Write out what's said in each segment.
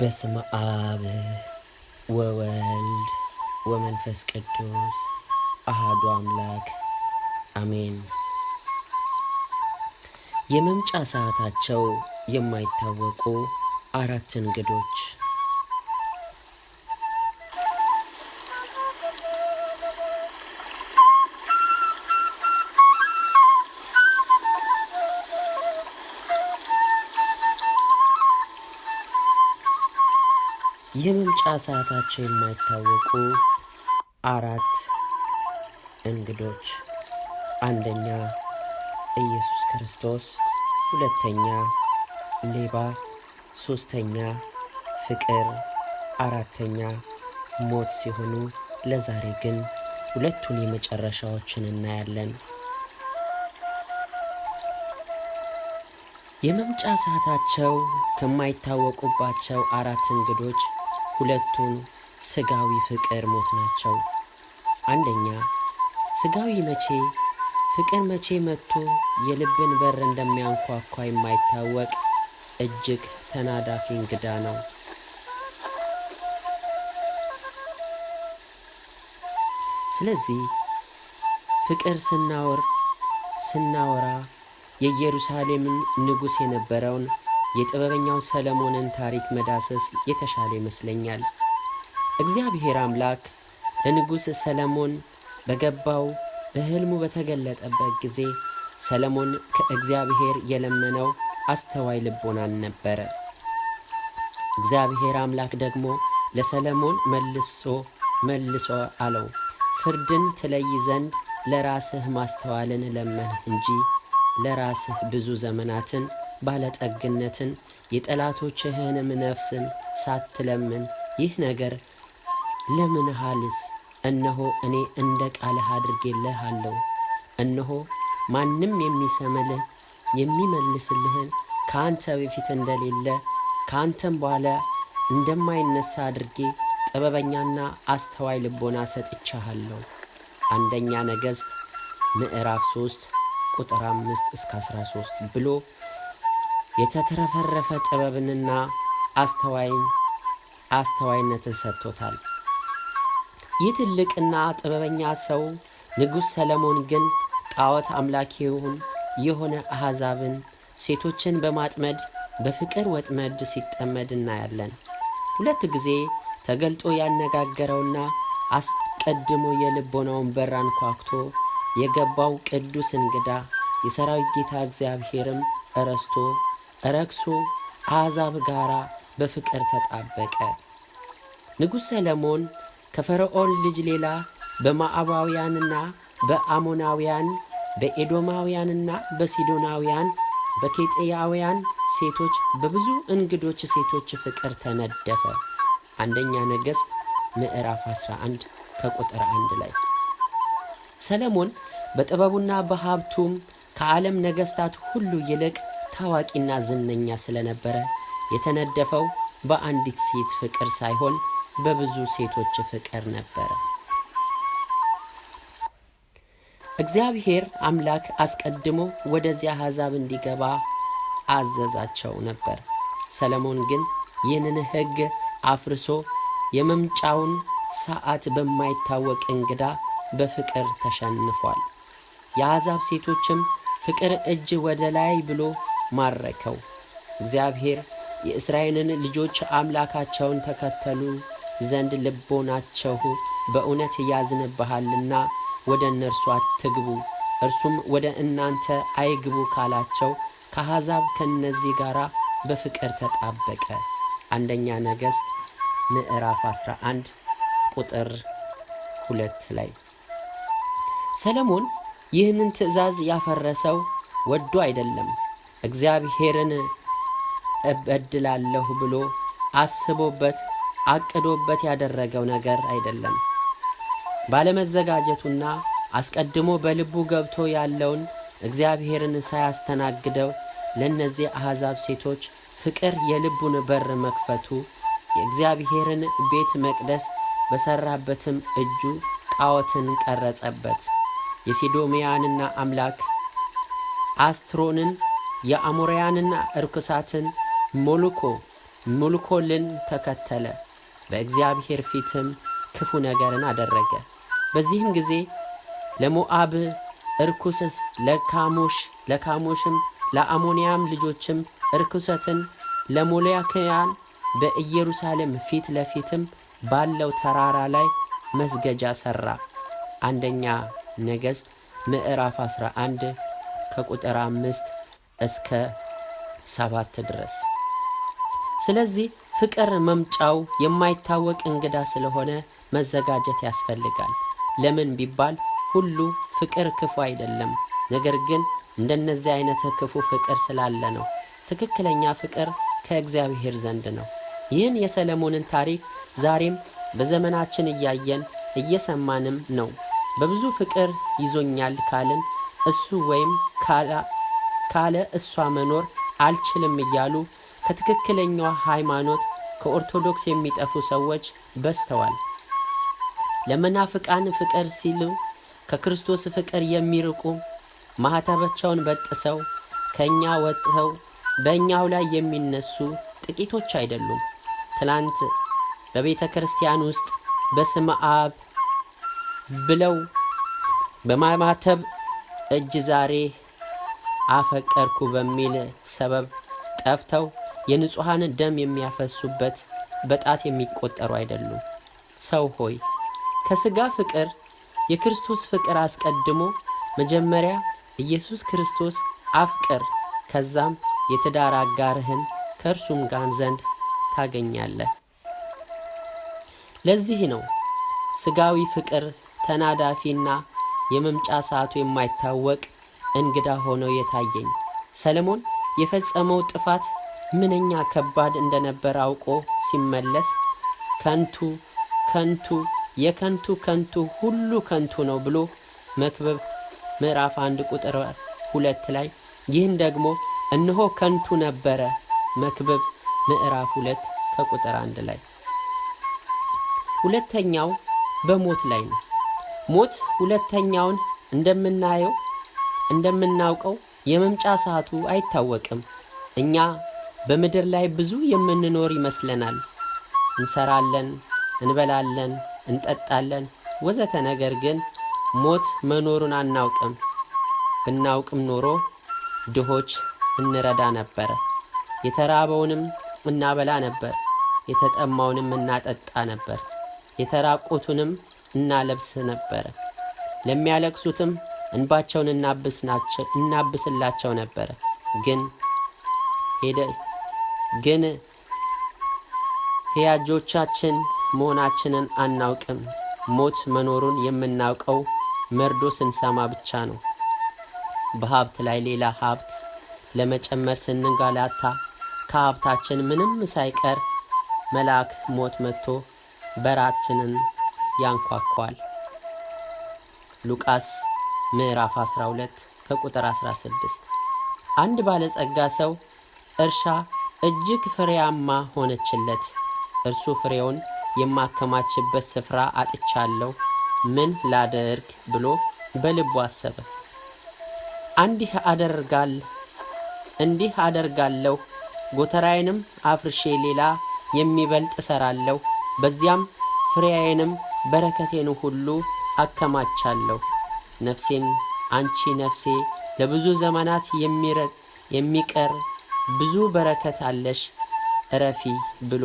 በስመ አብ ወወልድ ወመንፈስ ቅዱስ አህዱ አምላክ አሜን። የመምጫ ሰዓታቸው የማይታወቁ አራት እንግዶች መምጫ ሰዓታቸው የማይታወቁ አራት እንግዶች፣ አንደኛ ኢየሱስ ክርስቶስ፣ ሁለተኛ ሌባ፣ ሶስተኛ ፍቅር፣ አራተኛ ሞት ሲሆኑ ለዛሬ ግን ሁለቱን የመጨረሻዎችን እናያለን። የመምጫ ሰዓታቸው ከማይታወቁባቸው አራት እንግዶች ሁለቱን ስጋዊ ፍቅር ሞት ናቸው። አንደኛ ስጋዊ መቼ ፍቅር መቼ መጥቶ የልብን በር እንደሚያንኳኳ የማይታወቅ እጅግ ተናዳፊ እንግዳ ነው። ስለዚህ ፍቅር ስናወር ስናወራ የኢየሩሳሌምን ንጉሥ የነበረውን የጥበበኛው ሰለሞንን ታሪክ መዳሰስ የተሻለ ይመስለኛል። እግዚአብሔር አምላክ ለንጉሥ ሰለሞን በገባው በሕልሙ በተገለጠበት ጊዜ ሰለሞን ከእግዚአብሔር የለመነው አስተዋይ ልቦናን ነበረ። እግዚአብሔር አምላክ ደግሞ ለሰለሞን መልሶ መልሶ አለው ፍርድን ትለይ ዘንድ ለራስህ ማስተዋልን ለመንህ እንጂ ለራስህ ብዙ ዘመናትን ባለጠግነትን የጠላቶችህንም ነፍስን ሳትለምን ይህ ነገር ለምን ሃልስ እነሆ እኔ እንደ ቃልህ አድርጌልህ አለው። እነሆ ማንም የሚሰምልህ የሚመልስልህን ከአንተ በፊት እንደሌለ ከአንተም በኋላ እንደማይነሳ አድርጌ ጥበበኛና አስተዋይ ልቦና ሰጥቻሃለሁ። አንደኛ ነገሥት ምዕራፍ 3 ቁጥር 5 እስከ 13 ብሎ የተትረፈረፈ ጥበብንና አስተዋይን አስተዋይነትን ሰጥቶታል። ይህ ትልቅና ጥበበኛ ሰው ንጉሥ ሰለሞን ግን ጣዖት አምላኪውን የሆነ አሕዛብን ሴቶችን በማጥመድ በፍቅር ወጥመድ ሲጠመድ እናያለን። ሁለት ጊዜ ተገልጦ ያነጋገረውና አስቀድሞ የልቦናውን በር አንኳኩቶ የገባው ቅዱስ እንግዳ የሰራዊት ጌታ እግዚአብሔርም እረስቶ ረክሶ አሕዛብ ጋር በፍቅር ተጣበቀ። ንጉሥ ሰለሞን ከፈርዖን ልጅ ሌላ በማዕባውያንና በአሞናውያን በኤዶማውያንና በሲዶናውያን በኬጤያውያን ሴቶች በብዙ እንግዶች ሴቶች ፍቅር ተነደፈ። አንደኛ ነገሥት ምዕራፍ 11 ከቁጥር 1 ላይ ሰለሞን በጥበቡና በሀብቱም ከዓለም ነገሥታት ሁሉ ይልቅ ታዋቂና ዝነኛ ስለነበረ የተነደፈው በአንዲት ሴት ፍቅር ሳይሆን በብዙ ሴቶች ፍቅር ነበረ። እግዚአብሔር አምላክ አስቀድሞ ወደዚያ አሕዛብ እንዲገባ አዘዛቸው ነበር። ሰለሞን ግን ይህንን ሕግ አፍርሶ የመምጫውን ሰዓት በማይታወቅ እንግዳ በፍቅር ተሸንፏል። የአሕዛብ ሴቶችም ፍቅር እጅ ወደ ላይ ብሎ ማረከው። እግዚአብሔር የእስራኤልን ልጆች አምላካቸውን ተከተሉ ዘንድ ልቦናቸው በእውነት ያዝንብሃልና ወደ እነርሱ አትግቡ፣ እርሱም ወደ እናንተ አይግቡ ካላቸው ከአሕዛብ ከእነዚህ ጋር በፍቅር ተጣበቀ። አንደኛ ነገሥት ምዕራፍ 11 ቁጥር ሁለት ላይ ሰለሞን ይህንን ትእዛዝ ያፈረሰው ወዶ አይደለም። እግዚአብሔርን እበድላለሁ ብሎ አስቦበት አቅዶበት ያደረገው ነገር አይደለም። ባለመዘጋጀቱና አስቀድሞ በልቡ ገብቶ ያለውን እግዚአብሔርን ሳያስተናግደው ለእነዚህ አሕዛብ ሴቶች ፍቅር የልቡን በር መክፈቱ የእግዚአብሔርን ቤት መቅደስ በሠራበትም እጁ ጣዖትን ቀረጸበት። የሲዶሚያንና አምላክ አስትሮንን የአሞራያንና እርኩሳትን ሞልኮ ሙልኮልን ተከተለ። በእግዚአብሔር ፊትም ክፉ ነገርን አደረገ። በዚህም ጊዜ ለሞአብ እርኩስስ ለካሞሽ ለካሞሽም ለአሞንያም ልጆችም እርኩሰትን ለሞላክያን በኢየሩሳሌም ፊት ለፊትም ባለው ተራራ ላይ መስገጃ ሠራ። አንደኛ ነገሥት ምዕራፍ 11 ከቁጥር አምስት እስከ ሰባት ድረስ። ስለዚህ ፍቅር መምጫው የማይታወቅ እንግዳ ስለሆነ መዘጋጀት ያስፈልጋል። ለምን ቢባል ሁሉ ፍቅር ክፉ አይደለም። ነገር ግን እንደነዚህ አይነት ክፉ ፍቅር ስላለ ነው። ትክክለኛ ፍቅር ከእግዚአብሔር ዘንድ ነው። ይህን የሰለሞንን ታሪክ ዛሬም በዘመናችን እያየን እየሰማንም ነው። በብዙ ፍቅር ይዞኛል ካልን እሱ ወይም ካላ ካለ እሷ መኖር አልችልም እያሉ ከትክክለኛዋ ሃይማኖት ከኦርቶዶክስ የሚጠፉ ሰዎች በዝተዋል። ለመናፍቃን ፍቅር ሲሉ ከክርስቶስ ፍቅር የሚርቁ ማኅተባቸውን በጥሰው ከእኛ ወጥተው በእኛው ላይ የሚነሱ ጥቂቶች አይደሉም። ትላንት በቤተ ክርስቲያን ውስጥ በስመ አብ ብለው በማማተብ እጅ ዛሬ አፈቀርኩ በሚል ሰበብ ጠፍተው የንጹሐንን ደም የሚያፈሱበት በጣት የሚቆጠሩ አይደሉም። ሰው ሆይ ከሥጋ ፍቅር የክርስቶስ ፍቅር አስቀድሞ መጀመሪያ ኢየሱስ ክርስቶስ አፍቅር፣ ከዛም የትዳር አጋርህን ከእርሱም ጋር ዘንድ ታገኛለህ። ለዚህ ነው ሥጋዊ ፍቅር ተናዳፊና የመምጫ ሰዓቱ የማይታወቅ እንግዳ ሆኖ የታየኝ። ሰለሞን የፈጸመው ጥፋት ምንኛ ከባድ እንደነበር አውቆ ሲመለስ ከንቱ ከንቱ የከንቱ ከንቱ ሁሉ ከንቱ ነው ብሎ መክብብ ምዕራፍ አንድ ቁጥር ሁለት ላይ ይህን ደግሞ እነሆ ከንቱ ነበረ መክብብ ምዕራፍ ሁለት ከቁጥር አንድ ላይ ሁለተኛው በሞት ላይ ነው። ሞት ሁለተኛውን እንደምናየው እንደምናውቀው የመምጫ ሰዓቱ አይታወቅም። እኛ በምድር ላይ ብዙ የምንኖር ይመስለናል። እንሰራለን፣ እንበላለን፣ እንጠጣለን ወዘተ። ነገር ግን ሞት መኖሩን አናውቅም። ብናውቅም ኖሮ ድሆች እንረዳ ነበረ፣ የተራበውንም እናበላ ነበር፣ የተጠማውንም እናጠጣ ነበር፣ የተራቆቱንም እናለብስ ነበረ፣ ለሚያለቅሱትም እንባቸውን እናብስላቸው ነበረ። ግን ሄደ ግን ሕያጆቻችን መሆናችንን አናውቅም። ሞት መኖሩን የምናውቀው መርዶ ስንሰማ ብቻ ነው። በሀብት ላይ ሌላ ሀብት ለመጨመር ስንንጋላታ ከሀብታችን ምንም ሳይቀር መልአክ ሞት መጥቶ በራችንን ያንኳኳል። ሉቃስ ምዕራፍ 12 ከቁጥር 16። አንድ ባለጸጋ ሰው እርሻ እጅግ ፍሬያማ ሆነችለት። እርሱ ፍሬውን የማከማችበት ስፍራ አጥቻለሁ፣ ምን ላደርግ ብሎ በልቡ አሰበ። እንዲህ አደርጋል እንዲህ አደርጋለሁ፣ ጎተራዬንም አፍርሼ ሌላ የሚበልጥ እሰራለሁ፣ በዚያም ፍሬያዬንም በረከቴን ሁሉ አከማቻለሁ ነፍሴን አንቺ ነፍሴ ለብዙ ዘመናት የሚቀር ብዙ በረከት አለሽ እረፊ ብሎ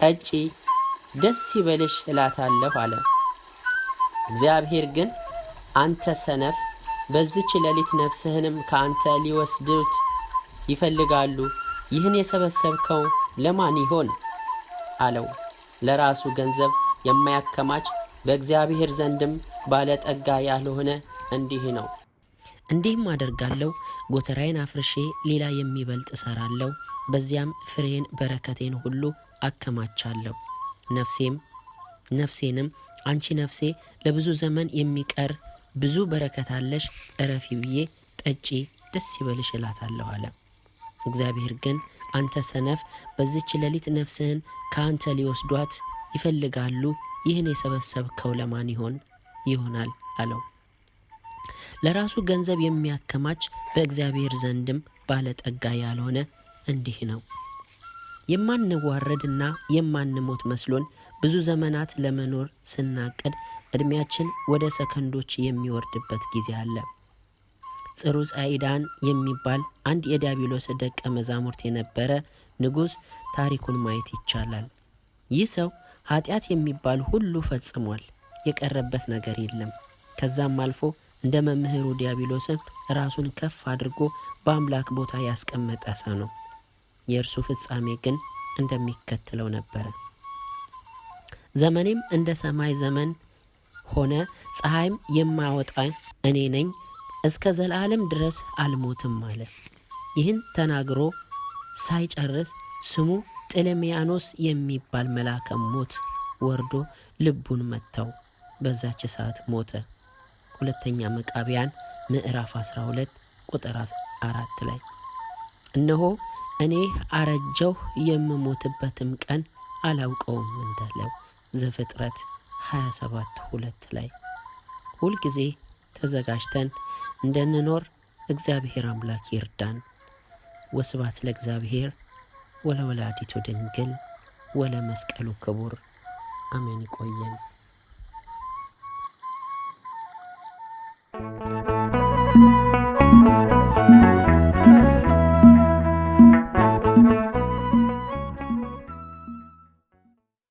ጠጪ ደስ ይበልሽ እላታለሁ አለ። እግዚአብሔር ግን አንተ ሰነፍ በዚች ሌሊት ነፍስህንም ከአንተ ሊወስዱት ይፈልጋሉ፣ ይህን የሰበሰብከው ለማን ይሆን አለው። ለራሱ ገንዘብ የማያከማች በእግዚአብሔር ዘንድም ባለጠጋ ያልሆነ እንዲህ ነው። እንዲህም አደርጋለሁ፣ ጎተራዬን አፍርሼ ሌላ የሚበልጥ እሰራለሁ፣ በዚያም ፍሬን በረከቴን ሁሉ አከማቻለሁ። ነፍሴም ነፍሴንም አንቺ ነፍሴ ለብዙ ዘመን የሚቀር ብዙ በረከት አለሽ፣ እረፊ ብዬ ጠጪ፣ ደስ ይበልሽ እላታለሁ አለ። እግዚአብሔር ግን አንተ ሰነፍ፣ በዚች ሌሊት ነፍስህን ከአንተ ሊወስዷት ይፈልጋሉ፣ ይህን የሰበሰብከው ለማን ይሆን ይሆናል አለው። ለራሱ ገንዘብ የሚያከማች በእግዚአብሔር ዘንድም ባለጠጋ ያልሆነ እንዲህ ነው። የማንዋረድና የማንሞት መስሎን ብዙ ዘመናት ለመኖር ስናቅድ እድሜያችን ወደ ሰከንዶች የሚወርድበት ጊዜ አለ። ጽሩ አይዳን የሚባል አንድ የዲያብሎስ ደቀ መዛሙርት የነበረ ንጉሥ ታሪኩን ማየት ይቻላል። ይህ ሰው ኃጢአት የሚባል ሁሉ ፈጽሟል። የቀረበት ነገር የለም። ከዛም አልፎ እንደ መምህሩ ዲያብሎስም ራሱን ከፍ አድርጎ በአምላክ ቦታ ያስቀመጠ ሰው ነው። የእርሱ ፍጻሜ ግን እንደሚከተለው ነበረ። ዘመኔም እንደ ሰማይ ዘመን ሆነ፣ ፀሐይም የማወጣ እኔ ነኝ፣ እስከ ዘላለም ድረስ አልሞትም አለ። ይህን ተናግሮ ሳይጨርስ ስሙ ጥልሚያኖስ የሚባል መልአከ ሞት ወርዶ ልቡን መታው። በዛች ሰዓት ሞተ። ሁለተኛ መቃቢያን ምዕራፍ 12 ቁጥር 4 ላይ እነሆ እኔ አረጀው የምሞትበትም ቀን አላውቀውም እንዳለው ዘፍጥረት 27 ሁለት ላይ ሁልጊዜ ተዘጋጅተን እንደንኖር እግዚአብሔር አምላክ ይርዳን። ወስባት ለእግዚአብሔር ወለወላዲቱ ድንግል ወለመስቀሉ ክቡር አሜን። ይቆየን። Thank you.